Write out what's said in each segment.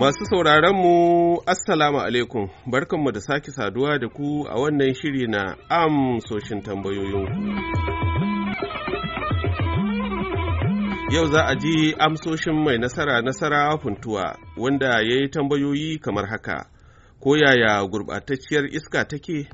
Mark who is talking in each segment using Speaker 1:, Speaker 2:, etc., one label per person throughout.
Speaker 1: Masu mu Assalamu alaikum, barkanmu da sake saduwa da ku a wannan shiri na amsoshin tambayoyinku. Yau za a ji amsoshin mai nasara nasara funtuwa wanda ya yi tambayoyi kamar haka, ko yaya gurɓatacciyar iska take?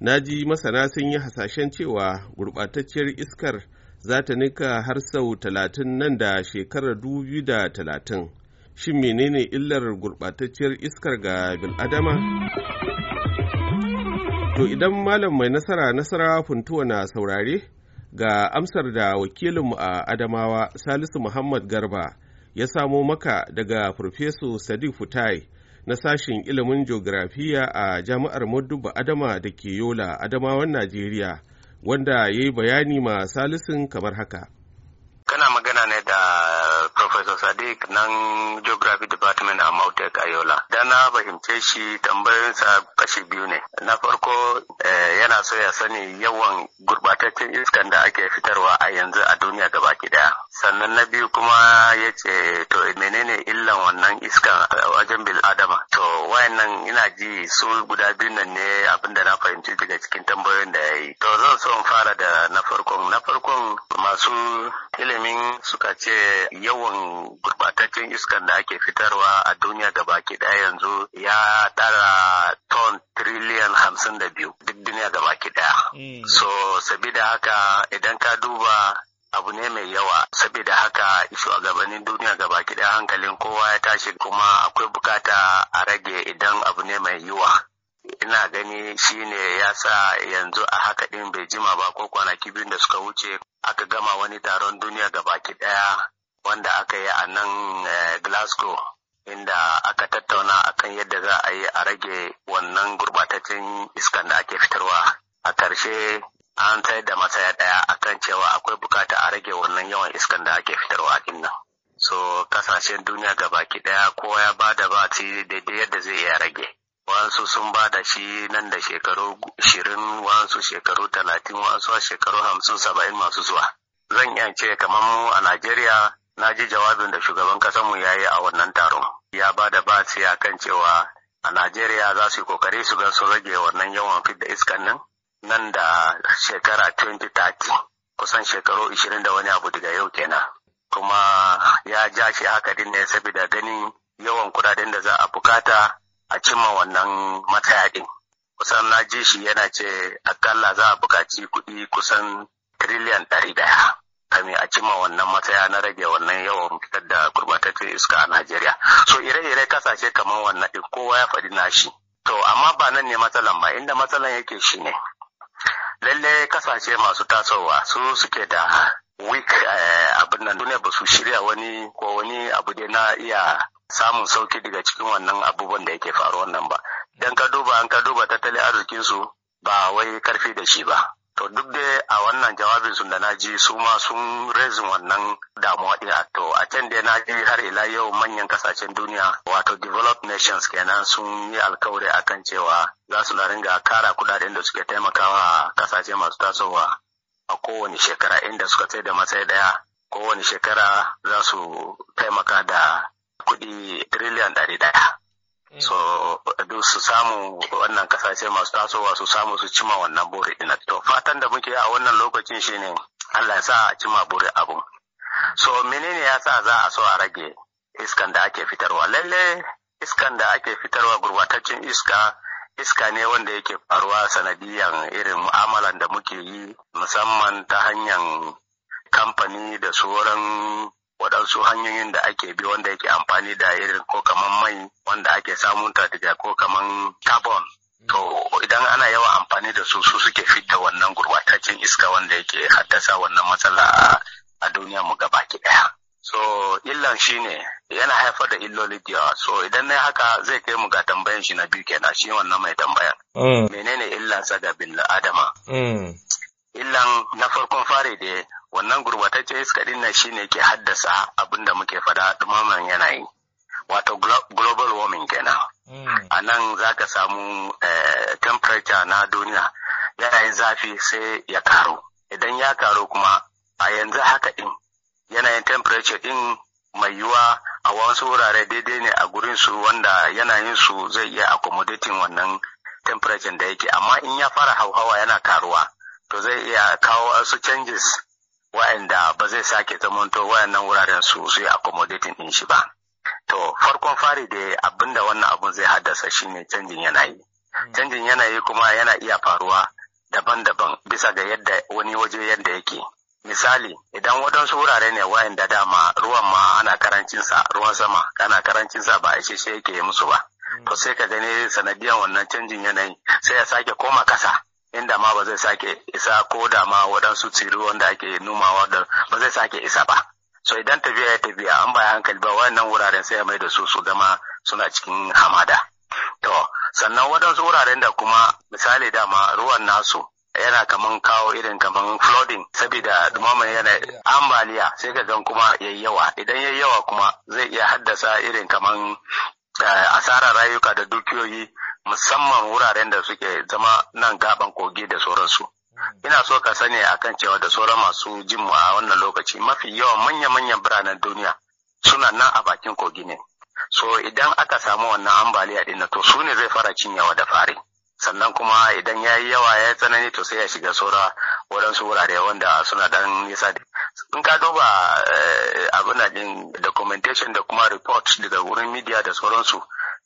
Speaker 1: Na ji masana sun yi hasashen cewa gurɓatacciyar iskar za ta nika har sau talatin nan da shekarar dubu da talatin. shin menene illar gurɓatacciyar iskar ga bil'adama? To idan malam mai nasara nasara funtuwa na saurare ga amsar da wakilinmu a Adamawa Salisu Muhammad Garba ya samo maka daga Farfeso Sadiq Futai na sashen ilimin geografiya a Jami'ar Modubba Adama da ke Yola Adamawan Najeriya wanda ya yi bayani ma Salisun kamar haka.
Speaker 2: Professor Sadiq nan Geography Department a Mautek Ayola. Da na fahimce shi tambayoyinsa kashi biyu ne na farko eh, yana so ya sani yawan gurbataccen iskan da ake fitarwa a yanzu a duniya gaba daya sannan na biyu kuma ya ce to menene illan wannan iskan a wajen bil adama to wayannan ina ji su guda biyun nan ne abin da na fahimci daga cikin tambayoyin da ya yi to zan so in fara da na farkon na farkon masu ilimin suka ce yawan gurbataccen iskan da ake fitarwa a duniya gaba daya yanzu ya tara ton triliyan hamsin da biyu duk duniya gaba ki daya. Mm. So sabida haka idan ka duba abu ne mai yawa Sabida haka shugabannin duniya gaba ɗaya hankalin kowa ya tashi kuma akwai bukata a rage idan abu ne mai yiwa ina gani shi ya sa yanzu a haka ɗin bai jima ba ko kwanaki biyu da suka wuce aka gama wani taron duniya gaba ɗaya wanda aka yi a nan eh, glasgow inda aka tattauna akan yadda za a yi a rage wannan gurbataccen iskan da ake fitarwa a ƙarshe an tsayar da masaya ɗaya akan cewa akwai bukata a rage wannan yawan iskan da ake fitarwa a nan so kasashen duniya ga baki ɗaya kowa ya ba da ba daidai yadda zai iya rage wasu sun ba da shi nan da shekaru shirin wasu shekaru talatin wasu shekaru hamsin saba'in masu zuwa zan iya ce kamar mu a najeriya na ji jawabin da shugaban kasanmu ya yi a wannan taron ya ba da batsi a kan cewa a najeriya za su yi kokari su gan su rage wannan yawan fidda iskan nan nan da shekara 2030 kusan shekaru 20 da wani abu daga yau kenan kuma ya ja shi haka din ne saboda ganin yawan kudaden da za a bukata a cimma wannan matsayaɗin kusan na ji shi yana ce akalla za a bukaci kuɗi kusan triliyan ɗari ɗaya kame a cimma wannan matsaya na rage wannan yawan fitar da gurbataccen iska a Najeriya. So ire-ire kasashe kamar wannan ɗin kowa ya faɗi nashi. To amma ba nan ne matsalan ba inda matsalan yake shi ne. Lalle kasashe masu tasowa su suke da weak eh, abin nan ne ba su shirya wani ko wani abu dai na iya samun sauki daga cikin wannan abubuwan da yake faru nan ba. Dan ka duba an ka duba tattalin arzikinsu ba wai karfi da shi ba. To duk dai a wannan jawabin sun da na ji su ma sun rezin wannan damuwa ɗin to a can da na ji har ila yau manyan kasashen duniya wato developed nations kenan sun yi alkawari kan cewa za su na ringa kara kudaden da suke taimakawa kasashe masu tasowa a kowane shekara inda suka sai da matsayi daya kowane shekara za su taimaka da kuɗi triliyan ɗari ɗaya. Mm. So su samu wannan kasashe masu tasowa su samu su cima wannan buri ina. to fatan da muke a wannan lokacin shine Allah ya sa a cima buri abu. so menene ya sa za a so a rage iskan da ake fitarwa lalle iskan da ake fitarwa gurbataccen iska iska ne wanda yake faruwa sanadiyan irin mu'amalan da muke yi musamman ta hanyar kamfani da sauran wasu hanyoyin da ake bi wanda yake amfani da irin ko kaman mai wanda ake samun ta daga ko kaman carbon to idan ana yawan amfani da su su suke fitta wannan gurbataccen iska wanda yake haddasa wannan matsala a duniya mu gaba ki daya so illan shi ne yana haifar da illoli da yawa so idan na haka zai kai mu ga tambayan shi na biyu kenan shi wannan mai tambayan mm. menene illansa ga bin adama mm. illan na farkon fari da wannan gurbataccen iska din nan shine ke haddasa abin da muke fada dumaman yanayi wato global warming kenan hmm. a nan za ka samu eh, temperature na duniya yanayin zafi sai ya karo, idan ya karo kuma a yanzu haka din yanayin temperature din mai yiwuwa a wasu wurare daidai ne a gurin su wanda yanayin su zai iya accommodating wannan temperature da yake amma in ya fara hauhawa yana karuwa to zai iya kawo wasu changes wa'anda ba zai sake zamanto wayannan wuraren su su yi accommodating din shi ba. To farkon fari da abinda wannan abun zai haddasa shine canjin yanayi. Hmm. Canjin yanayi kuma yana iya faruwa daban-daban bisa ga yadda wani waje yadda yake. Misali, idan waɗansu wurare ne wayanda dama ruwan ma ana sa, ruwan sama ana karancin sa ba a shi yake musu ba. Hmm. To sai ka gani sanadiyan wannan canjin yanayi sai ya sake koma kasa. inda ma ba zai sake isa ko da ma waɗansu tsiru wanda ake numawa da ba zai sake isa ba so idan tafiya ya tafiya an baya hankali ba wayannan wuraren sai ya mai da su su zama suna cikin hamada to sannan waɗansu wuraren da kuma misali dama ruwan nasu yana kaman kawo irin kaman flooding sabida dumaman yana ambaliya sai ka gan kuma yayi yawa idan yayi yawa kuma zai iya haddasa irin kaman eh, asarar rayuka da dukiyoyi musamman wuraren da suke zama nan gaban kogi da sauransu. Hmm. Ina so ka sani a kan cewa da sauran masu jin a wannan lokaci mafi yawan manya-manyan biranen duniya suna nan a bakin kogi ne. So idan aka samu wannan ambaliya din to su ne zai fara yawa da fari. Sannan kuma idan ya yi yawa ya tsanani to sai ya shiga saura waɗansu wurare wanda suna dan nisa da in ka duba eh, abin da documentation da kuma report daga wurin media da sauransu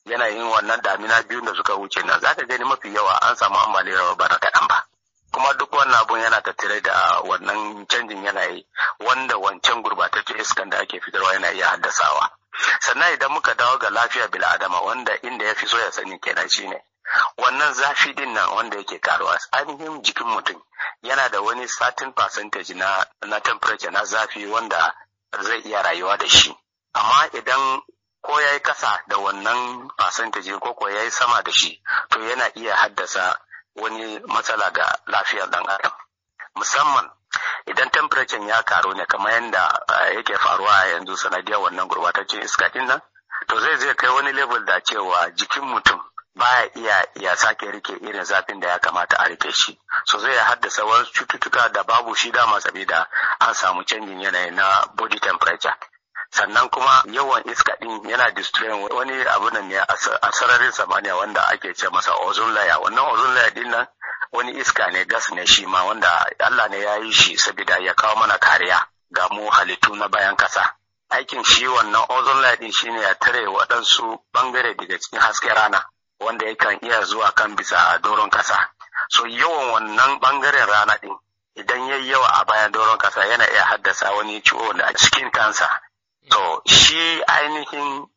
Speaker 2: yanayin wannan damina biyu da suka wuce nan zaka gani mafi yawa an samu ambaliyar ba na kaɗan ba kuma duk wannan abun yana tattare da wannan canjin yanayi wanda wancan gurbatacce iskan da ake fitarwa yana iya haddasawa sannan idan muka dawo ga lafiya bil'adama wanda inda ya fi so ya sani kenan shine wannan zafi din nan wanda yake karuwa ainihin jikin mutum yana da wani satin percentage na na temperature na zafi wanda zai iya rayuwa da shi amma idan ko ya yi kasa da wannan fasantaji ko ko ya yi sama da shi to yana iya haddasa wani matsala ga lafiyar dan adam musamman idan temperature ya karu ne kamar yadda eh, yake faruwa a yanzu sanadiyar wannan gurbataccen iska din nan to zai zai kai wani level da cewa jikin mutum baya iya ya sake rike irin zafin da ya kamata a rike shi so zai haddasa wasu cututtuka da babu shi dama da an samu canjin yanayi na body temperature sannan kuma yawan iska din yana destroying wani abu nan ne a sararin samaniya wanda ake ce masa ozone layer wannan ozone layer din nan wani iska ne gas ne shi ma wanda Allah ne ya yi shi saboda ya kawo mana kariya ga mu halittu na bayan kasa aikin shi wannan ozone layer din shine ya tare waɗansu bangare daga cikin hasken rana wanda yakan iya zuwa kan bisa a doron kasa so yawan wannan bangaren rana din idan ya yi yawa a bayan doron kasa yana iya haddasa wani ciwo da cikin kansa To shi ainihin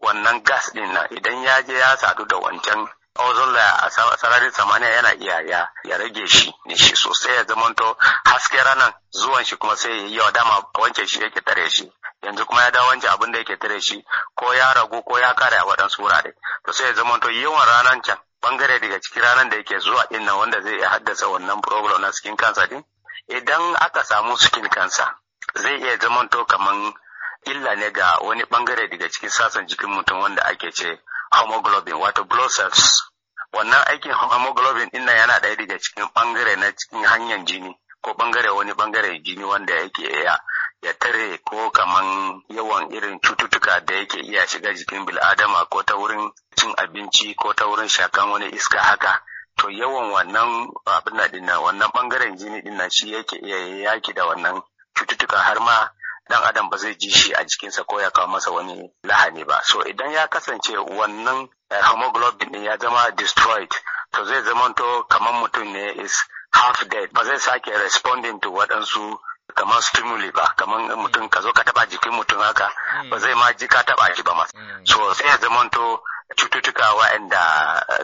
Speaker 2: wannan gas ɗin nan idan ya je ya sadu da wancan ozone laya a sararin samaniya yana iya ya, rage shi ne shi sosai ya to haske ranar zuwan shi kuma sai ya yawa dama wancan shi yake tare shi yanzu kuma ya dawo wancan abin da yake tare shi ko ya ragu ko ya kare a waɗansu wurare to sai ya zamanto yawan ranar can bangare daga cikin ranar da yake zuwa ɗin wanda zai iya haddasa wannan problem na skin cancer din idan aka samu skin cancer zai iya zamanta kaman illa ne ga wani bangare daga cikin sassan jikin mutum wanda ake ce homoglobin wato blood cells wannan aikin homoglobin ɗin yana ɗaya daga cikin bangare na cikin hanyar jini ko bangare wani bangare jini wanda yake iya ya tare ko kaman yawan irin cututtuka da yake iya shiga jikin bil'adama ko ta wurin cin abinci ko ta wurin shakan wani iska haka to yawan wannan abin nan wannan bangaren jini din shi yake iya yaki da wannan cututtuka har ma dan adam ba zai ji shi a jikinsa ko ya kawo masa wani lahani ba so idan ya kasance wannan eh, hemoglobin din ya zama destroyed to zai zamanto kamar mutum ne is half dead ba zai sake responding to waɗansu kamar stimuli ba kamar mutum ka zo ka taba jikin mutum haka ba hmm. zai ma ji ka taba shi ba ma hmm. so sai ya zamanto cututtuka waɗanda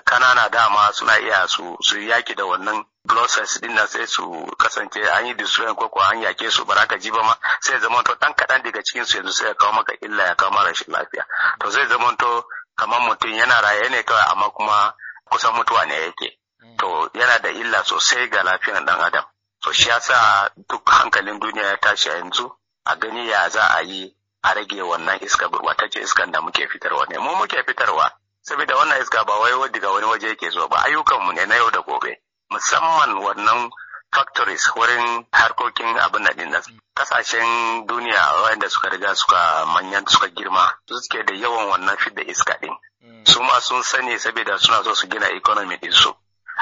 Speaker 2: kanana eh, dama suna iya su su yaki da wannan blossoms din nan sai su kasance an yi destroying ko ko an yake su ba ka ji ba ma sai zama to dan kaɗan daga cikin su yanzu sai ya kawo maka illa ya kawo rashin lafiya to zai zama to kamar mutum yana raye ne kawai amma kuma kusan mutuwa ne yake mm. to yana da illa sosai ga lafiyar ɗan adam to shi yasa duk hankalin duniya ya tashi a yanzu a gani ya za a yi a rage wannan iska ce iskan da muke fitarwa ne mu muke fitarwa saboda wannan iska ba wai daga wani waje yake zuwa ba ayyukanmu ne na yau da gobe musamman wannan factories wurin harkokin abin da dinnan kasashen duniya wanda suka riga suka manyan suka girma suke da yawan wannan da iska din mm. su ma sun sani saboda suna so su gina economy din su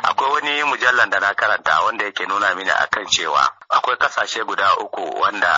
Speaker 2: akwai wani mujallar da na karanta wanda yake nuna mini akan cewa akwai kasashe guda uku wanda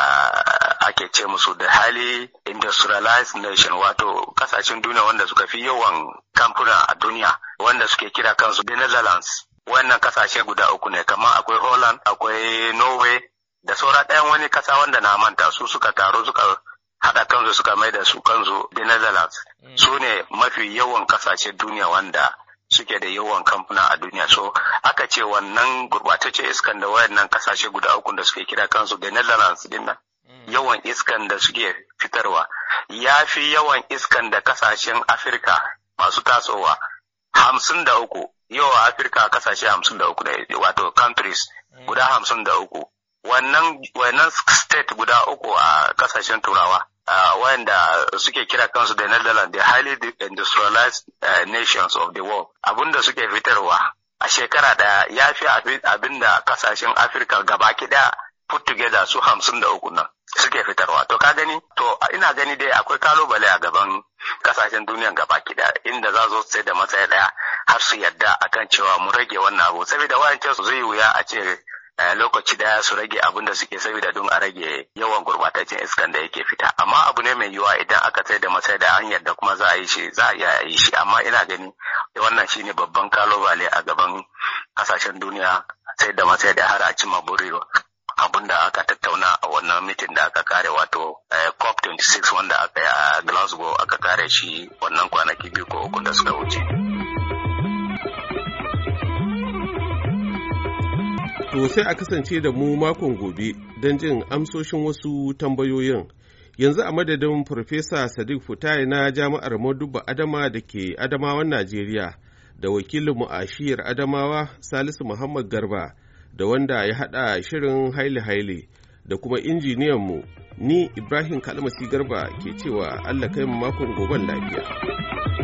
Speaker 2: ake ce musu da hali industrialized nation wato kasashen duniya wanda suka fi yawan kamfuna a duniya wanda suke kira kansu the netherlands wannan kasashe guda uku ne kamar akwai holland akwai norway da saura ɗayan wani kasa wanda na manta su suka taro suka haɗa kansu suka mai da su kansu the netherlands mm. su ne mafi yawan kasashe duniya wanda suke da yawan kamfuna a duniya so aka ce wannan gurbatacce iskan da wayannan kasashe guda uku da suke kira kansu da Netherlands din nan mm. yawan iskan da suke fitarwa ya fi yawan iskan da kasashen Afirka masu tasowa hamsin da uku yawa Afirka kasashe hamsin da uku wato countries mm. guda hamsin da uku wannan state guda uku a kasashen turawa Uh, wayanda suke kira kansu da Netherlands the highly industrialized uh, nations of the world abinda suke fitarwa a shekara da ya fi abinda kasashen Afirka gaba kiɗa put together su hamsin da uku nan suke fitarwa to ka gani to ina gani dai akwai kalubale a gaban kasashen duniyan gaba kida inda za zo sai da matsaya daya har su yarda akan cewa mu rage wannan abu saboda wayancin su zai wuya a ce Eh, lokaci daya su rage abin da suke saboda don a rage yawan gurbataccen iskan da yake fita amma abu ne mai yiwuwa idan aka tsaye da matsayi da hanyar da kuma za a yi shi za a yi shi amma ina gani wannan shine babban kalubale a gaban kasashen duniya sai da matsayi da har a cima burewa abin da aka tattauna a wannan mitin da aka kare wato eh, cop 26 wanda aka yi a glasgow aka kare shi wannan kwanaki biyu ko uku da suka wuce.
Speaker 1: To sai a kasance da mu makon gobe don jin amsoshin wasu tambayoyin. Yanzu a madadin Farfesa Sadiq Futai na Jami'ar Maduba Adama da ke Adamawan Najeriya da wakilinmu a shiyar Adamawa Salisu Muhammad Garba da wanda ya haɗa shirin haile haile da kuma mu ni Ibrahim Kalmasi Garba ke cewa Allah kai makon goben lafiya.